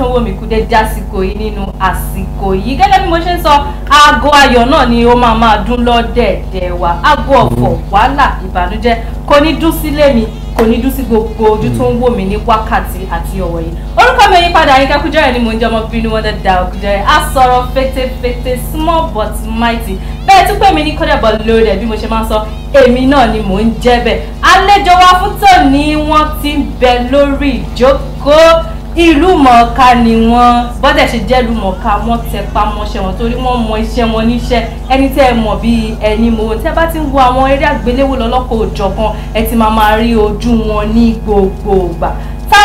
tó ń wò mí kú dé dásìkò yìí nínú àsìkò yìí gẹ́gẹ́ bí mo ṣe ń sọ aago ayọ̀ náà ni ó máa máa dún lọ́dẹ̀ẹ̀dẹ̀ wa aago ọ̀fọ̀ wàhálà ìbànújẹ́ kò ní dún sílé mi kò ní dún sí gbogbo ojú tó ń wò mí ní wákàtí àti ọ̀wọ̀ yìí orúkọ mi yín padà Yinka Kujore ni mo ń jẹ́ ọmọbìnrin wọn dẹ́dà Kujore á sọ̀rọ̀ fetefete small but mighty bẹ́ẹ̀ tún pè mí ní kódà bọ̀ lórí ẹ̀ bí mo ṣe máa ń sọ èmi náà ni mò ń jẹ́ bẹ́ẹ̀ àlejò wa fún tòní wọ́n ti ń bẹ lórí ìjókòó ìlú mọ̀ọ́ká ni wọ́n bọ́dẹ̀ ṣe jẹ́ ìlú mọ̀ọ́ká wọ́n tẹpá mọ́ṣẹ́ wọn torí wọ́n mọ iṣẹ́ wọn níṣẹ́ ẹni tẹ́ ẹ mọ̀ bíi ẹni mo tẹ́ bá ti ń wo àwọn eré àgbéléwò lọ́lọ́kọ̀ òjọ̀kan ẹ ti máa máa rí ojú wọn ní gbogbo ìgbà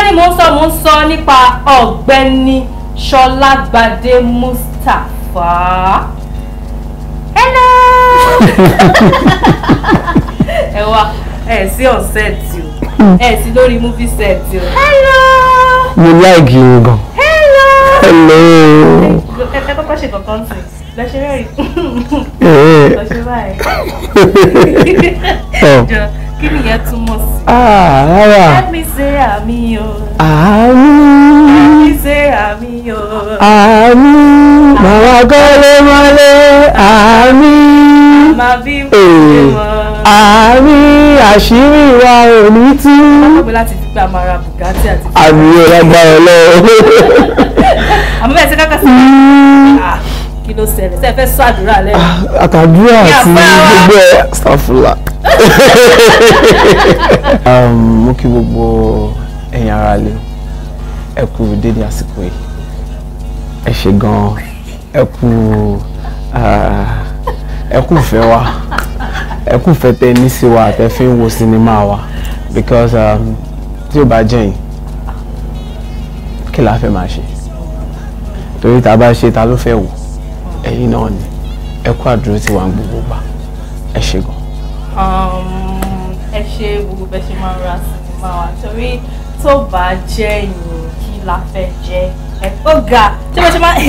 ni mo ń sọ mo ń sọ nípa ọ̀gbẹ́ni Ṣọlágbadé Mustapha hello ẹ wá ẹ sí on set o ẹ sí lórí movie set o hello mo láìgì yín gan. hello. ẹ kọ́kọ́ ṣe kọ̀ọ̀kan sí lọ ṣe rẹ́rìn lọ ṣe báyìí. Oh. jọ kí nìyẹn túmọ̀ sí. Ah, rárá. ẹ̀mí ṣe àmì o. àmì. ẹ̀mí ṣe àmì o. àmì. màmá kọ́lé mọ́lé àmì. màmá bí mo ṣe eh. mọ́ àárín àṣírí wa ò ní tú. àmọ́ láti fi pé a máa ra bùgátì àti. àmì ọlọ́gbàrá lọ. àmọ́ bẹ́ẹ̀ sí kákà sí mm. ah, kí ló ṣẹlẹ̀ sẹ́ẹ̀ fẹ́ sọ àdúrà lẹ́nu. Ah, àtàdúrà àti gbogbo ẹ̀ ṣàfùlà. Um, mo kí gbogbo ẹ̀yin ará lé ẹ kú dédé àsìkò yìí ẹ ṣe gan ẹ kú ah, ẹ kú fẹ́ wa ẹ kú fẹtẹ ní sí wa àtẹ fi ń wo sinimá wa because um, tí ó bá jẹyìn kí la fẹ́ máa ṣe torí tá a bá ṣe ta ló fẹ́ wò ẹ̀yin náà ni ẹ àdúró tí wà ń gbogbo gbà ẹ ṣe gan. Um, ẹ ṣe gbogbo bẹ́ẹ̀ ṣe máa ra sinimá wa torí tó bá jẹ́ ìyìn kí la fẹ́ jẹ́ ó ga ṣé mo ṣe máa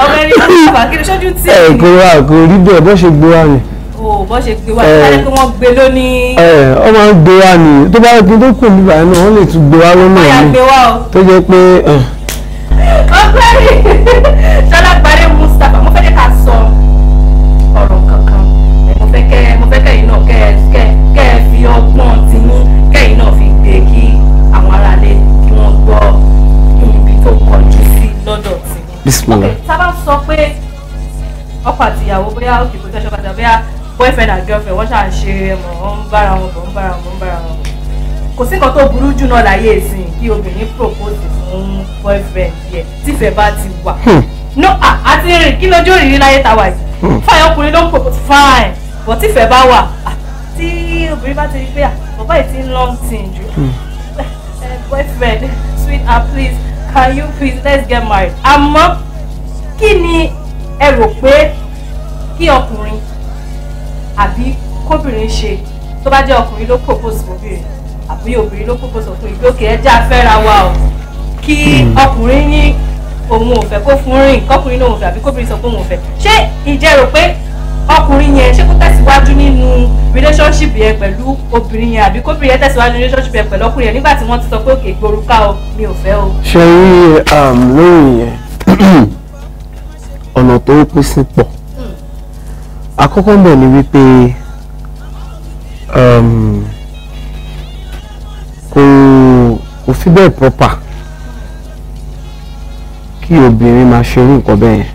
ọmọ ẹni ní ìfà kí ni ṣojú tí. ẹ kò wá kò rí bẹ́ẹ̀ bó ṣe gbé wá ni. o bó ṣe gbé wá ni káyọ̀ pé wọ́n gbé lónìí. ẹ ọ máa ń gbé wá ni tó bá kí n tó kù nígbà yẹn náà wọ́n lè tún gbé wá lọ́nà mi tó jẹ́ pé. ọgbẹ́ni ṣọlá bismillah. ok tá a bá sọ pé ọkọ àti ìyàwó bóyá òkè kò tẹ́sọ̀ padà bóyá boyfriend and girlfriend wọ́n ṣáà ṣe ẹmọ̀ wọ́n ń bára wọn bọ̀ ń bára wọn ń bára wọn. kò sí nǹkan tó burú jù náà láyé ìsìn kí obìnrin propose fún boyfriend yẹ tífẹ̀ bá ti wà. Hmm. no àti rìn kí lójú òrìrì láyé ta wà yìí hmm. fáyọ̀ ọkùnrin ló ń propose fine but tífẹ̀ bá wà tí obìnrin bá ti rí pé bàbá yìí ti ń long thing jù hmm. eh, boyfriend sweet ah please can you please let's get married àmọ́ kí ni ẹ rò pé kí ọkùnrin àbí kóbìnrin ṣe tó bá jẹ́ ọkùnrin ló propose fóbìnrin àbí obìnrin ló propose ọkùnrin lókè ẹ já fẹ́ra wa o kí hmm. ọkùnrin ní òun ò fẹ́ kó fún rìn kọkùnrin lòun ò fẹ́ àbí kóbìnrin sọ pé òun ò fẹ́ ṣé ìjẹ́ rò pé ọkùnrin yẹn ṣé kó tẹ̀síwájú nínú relationship yẹn pẹ̀lú obìnrin yẹn àbí kóbìnrin yẹn tẹ̀síwájú nínú relationship yẹn pẹ̀lú ọkùnrin yẹn nígbà tí wọ́n ti sọ pé òkè gboruká o mi ò fẹ́ o. ṣe rí um, lórí yẹn ọ̀nà tó pín sí pọ̀ hmm. àkọ́kọ́ bẹ̀ ni wípé um, kò kò fi bẹ́ẹ̀ proper kí obìnrin máa ṣerú nǹkan bẹ́ẹ̀ yẹn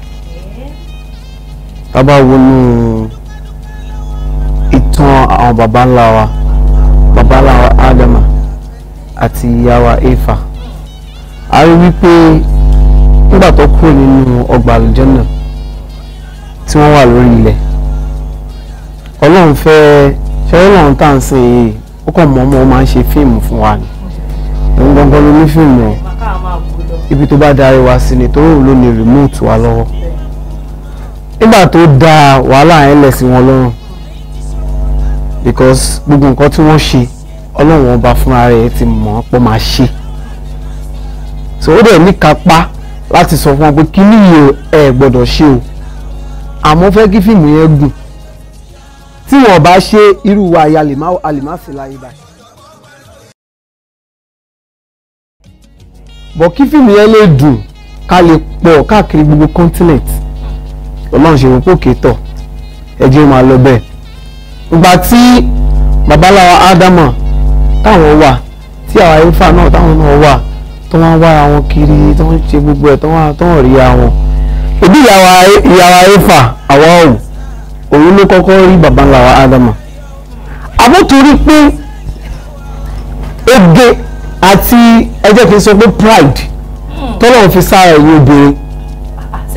tá a bá wọnú ìtàn àwọn baba ńlá wa baba ńlá wa àti ìyá wa Éfà a rí wípé nígbà tó kúrò nínú ọgbà àlùjànnà tí wọ́n wà lórí ilẹ̀ ọlọ́run fẹ́ ṣẹ́yìn lọ́run tá à ń sìn yìí ó kàn mọ́ ọmọ ó máa ń ṣe fíìmù fún wa ni òun gangan ló ní fíìmù ibi tó bá darí wa sí ni tó rò ló ní rìmóòtù wa lọ́wọ́ nígbà tó da wàhálà yẹn lẹ̀ sí wọn lọ́rùn because gbogbo nǹkan tí wọ́n ṣe ọlọ́run ọba fúnra rẹ̀ ti mọ̀ ọ́ pọ́ máa ṣe so ó dẹ̀ níkapá láti sọ fún wọn pé kí nìyí ẹ gbọ́dọ̀ ṣe o àmọ́ fẹ́ kí fíìmù yẹn gùn tí wọ́n bá ṣe irú wa ya lè má sí láyé báyìí. bọ̀ kí fíìmù yẹn lè dùn ká lè pọ̀ káàkiri gbogbo continent ọlọ́run ṣe wò pókè tọ̀ ẹjẹ́ máa lọ bẹ́ẹ̀ ìgbà tí babaláwa ádámà táwọn wà tí àwa ifá náà táwọn náà wà tó wọ́n wára wọn kiri tó wọ́n ṣe gbogbo ẹ̀ tó wọ́n tó wọ́n rí àwọn ìdí ìyàwó ifá àwa ọ̀hún òun ló kọ́kọ́ rí babaláwa ádámà àbótorí pé oge àti ẹjẹ́ kìí sọ pé pride hmm. tọ́lọ́run fi sára ẹ̀yìn obìnrin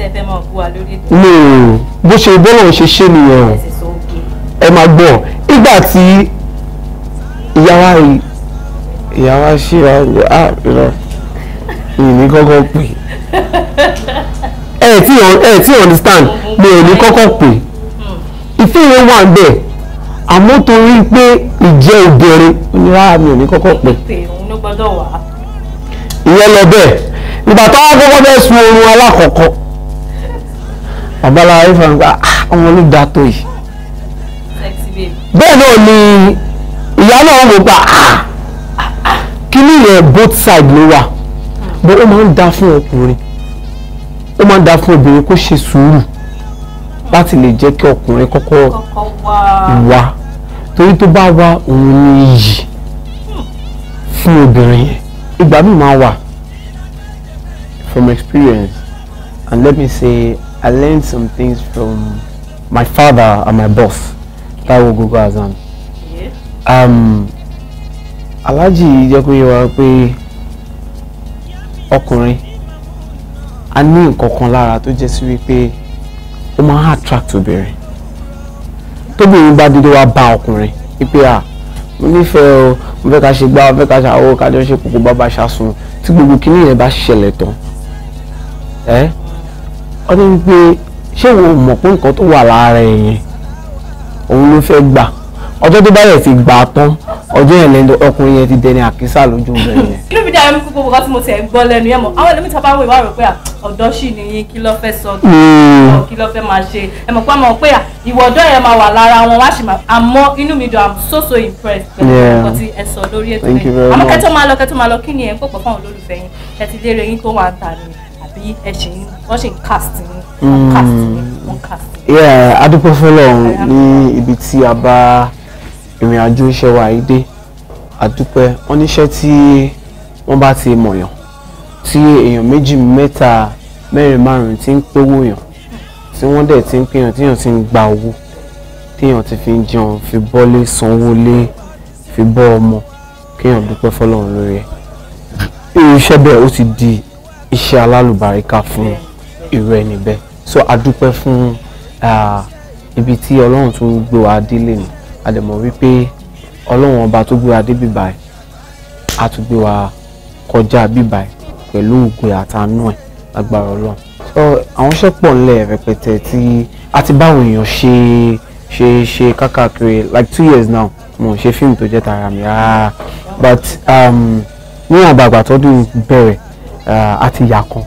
ṣe fẹ́ máa bú wa lórí ètò. mi ò bó ṣe bọ́lọ̀ ṣe ṣe nìyẹn o ẹ máa gbọ́ nígbà tí ìyá wa rí ìyá wa ṣe ra ọjọ́ à lọ ìní kọ́kọ́ pè ẹ tí ẹ tí understand mi ò ní kọ́kọ́ pè ìfẹ́ yẹn wà bẹ́ẹ̀ àmọ́ torí pé ìjẹ́ obìnrin onírà ah, mi ò ní kọ́kọ́ pè ìyẹn lọ bẹ́ẹ̀ ìgbà táwọn kọ́kọ́ bẹ́ẹ̀ sun oorun alákọ̀ọ́kọ́ ọ̀bálára yóò fẹ́ràn pé ah, ọmọ ló da tó yìí bẹ́ẹ̀ náà ni ìyá náà wò pa ah, ah, kíní yẹn both side ló wà hmm. bó ó máa ń da fún ọkùnrin ó máa ń da fún obìnrin kó ṣe sùúrù láti lè jẹ́ kí ọkùnrin kọ́kọ́ wá torí tó bá wá òun ni iyì fún obìnrin yẹn ìgbà míì máa wà from experience and let me say I learned some things from my father and my boss, Taiwo Gogo Azam. Yeah. Um, Alaji, jẹ́ kó yé wa pé ọkùnrin a ní nǹkan kan lára tó jẹ́ sí wípé ó máa ń attract obìnrin. Tóbìnrin bá dédé wá bá ọkùnrin wípé à mo nífẹ̀ẹ́ o mo fẹ́ ká ṣe gbá mo fẹ́ ká ṣàwọ́ kájọ ṣe kókó bàbá ṣàsùn tí gbogbo kinní yẹn bá ṣẹlẹ̀ tán. Eh? ọ ní wípé ṣé wo mọ̀ pé nǹkan tó wà lára ẹ̀ yẹn òun ló fẹ́ gbà ọjọ́ tó bá yẹ ti gbà á tán ọjọ́ yẹn lẹ́nu ọkùnrin yẹn ti dẹni àkísà lójú rẹ̀ yẹn. kí ló fi dára fún gbogbo nǹkan tí mo tẹ̀ ń gbọ́ lẹ́nu yẹn mọ̀ àwọn ẹlẹ́mìí tábà wò ìwà rẹ̀ pé ọ̀dọ́ ṣì ni yín kí ló fẹ́ sọ hmm. kí ló fẹ́ máa ṣe ẹ mọ̀ pé àmọ́ pé ìwọ ọ̀dọ́ yẹn máa wà lára wọn wá ṣì máa àmọ́ inú mi dùn i'm so so impressed pẹ̀lú nǹkan tí ẹ sọ lórí ètò yẹn àmọ́ kẹ́tọ́ máa lọ kẹ́tọ́ máa lọ kí ni ẹ̀ ń pòpọ̀ fáwọn olólùfẹ́ yín ẹ ti lérè yín tó wà ń ta ni àbí ẹ ṣì ń wọ́n ṣì ń cast ní hmm. wọ́n cast ní wọ́n cast ní. yeah adúpẹ́ fọlọ́run ní ibi tí a bá ìrìn àjò iṣẹ́ wa yìí dé adúpẹ́ wọ́n níṣẹ́ tí wọ́n bá ti mọ̀yàn tí èèyàn méjì mẹ́ta mẹ́rin márùn-ún ti ń pówó yàn tí wọ́n dẹ̀ ti ń pèyàn tíyàn ti ń gba owó téèyàn ti fi ń jẹun fi bọ́lé sanwó lé fi bọ́ ọmọ kéèyàn dúpẹ́ fọlọ́run lórí ẹ̀ irú iṣẹ́ bẹ́ẹ̀ ó ti di iṣẹ́ alálùbáríkà fún irú ẹni bẹ́ẹ̀ so a dúpẹ́ fún ibi tí ọlọ́run tó gbé wa délé ni a dẹ̀ mọ̀ wípé ọlọ́run ọba tó gbé wa dé bíbá ẹ̀ a tún gbé wa kọjá bíbá ẹ̀ pẹ̀lú ògùn àtànú ẹ̀ agbára ọlọ́run so àwọn iṣẹ́ pọ̀ ńlẹ̀ rẹpẹtẹ tí a ti bá àwọn èèyàn ṣe ṣe ṣe kákàkiri like two years now mo ṣe fíìmù tó jẹ́ tara mi rárá but um, níwọ̀n bàgbà tọ́dún bẹ̀rẹ̀ Ati uh, ìyá kan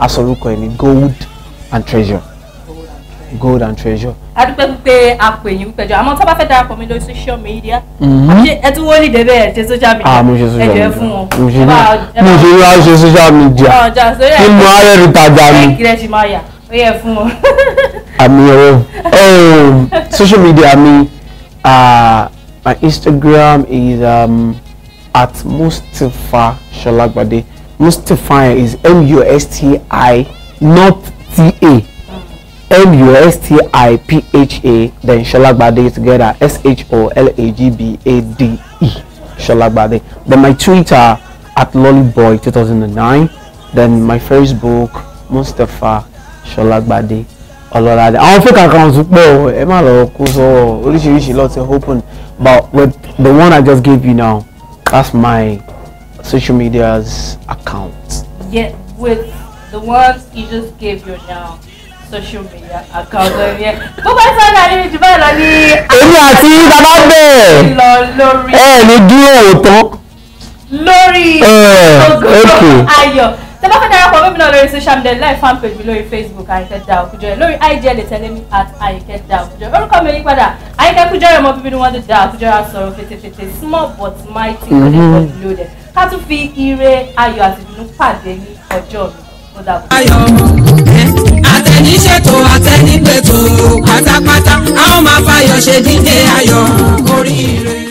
asọ̀rọ̀kọ ẹ̀ gold and treasure gold and treasure. a dúpẹ́ pípé àpò èyí ń pẹ̀jọ àmọ́ tá bá fẹ́ darapọ̀ mi lórí social media mm-hmm. ẹ tún wọ́n ah, ní ìdẹ́bẹ̀ ẹ̀ ṣe social media ẹ jẹ́ fún wọn. mo ṣe wá ṣe social media kí mo á rẹ̀ rí tajà mi. ẹ̀kírẹ́ ṣì máa yà ó yẹ fún wọn. àmì ẹ̀rọ um, social media mi uh, my Instagram is um, at Mustafa Shalagbade. Mustafia is M-U-S-T-I not T-A M-U-S-T-I-P-H-A then Sholagbade together S-H-O-L-A-G-B-A-D-E Sholagbade. Then my Twitter at lollyboy2009 then my Facebook Mustapha Sholagbade Ololade. Àwọn fake accounts pọ̀ ẹ má lọ kó sọ oríṣiríṣi lọ́tí open but with the one I just gave you now that's my social media's account? Yeah, with the ones you just gave your now social media account lórí ẹ bó bá sọ ní àyè jù báyìí lọ ní. èmi àti bàbá bẹ́ẹ̀ lọ lórí. ẹ ní dúró tán. lórí ògùn ayọ̀ tẹ bá fẹ́ darapọ̀ mẹ́mi náà lórí social media lẹ́ẹ̀ fan page mi lórí facebook Àyìnkẹ́ Dao Kujore lórí ig lè tẹ̀lé mi at Àyìnkẹ́ Dao Kujore orúkọ mi yípadà Àyìnkẹ́ Kujore ọmọ bíbí ni wọ́n ti Dao Kujore sọ̀rọ̀ fetefete small but mighty mm-hmm. kò ní bọ́ọ̀lù lóde ká tún fi ire ayọ̀ àti ìdùnnú pàdé ní ọjọ́ mi ó dàbọ̀. ayọ̀ àtẹniṣètò àtẹnigbètò pátápátá a ó máa fayọ̀ ṣe dídé ayọ̀ oríire.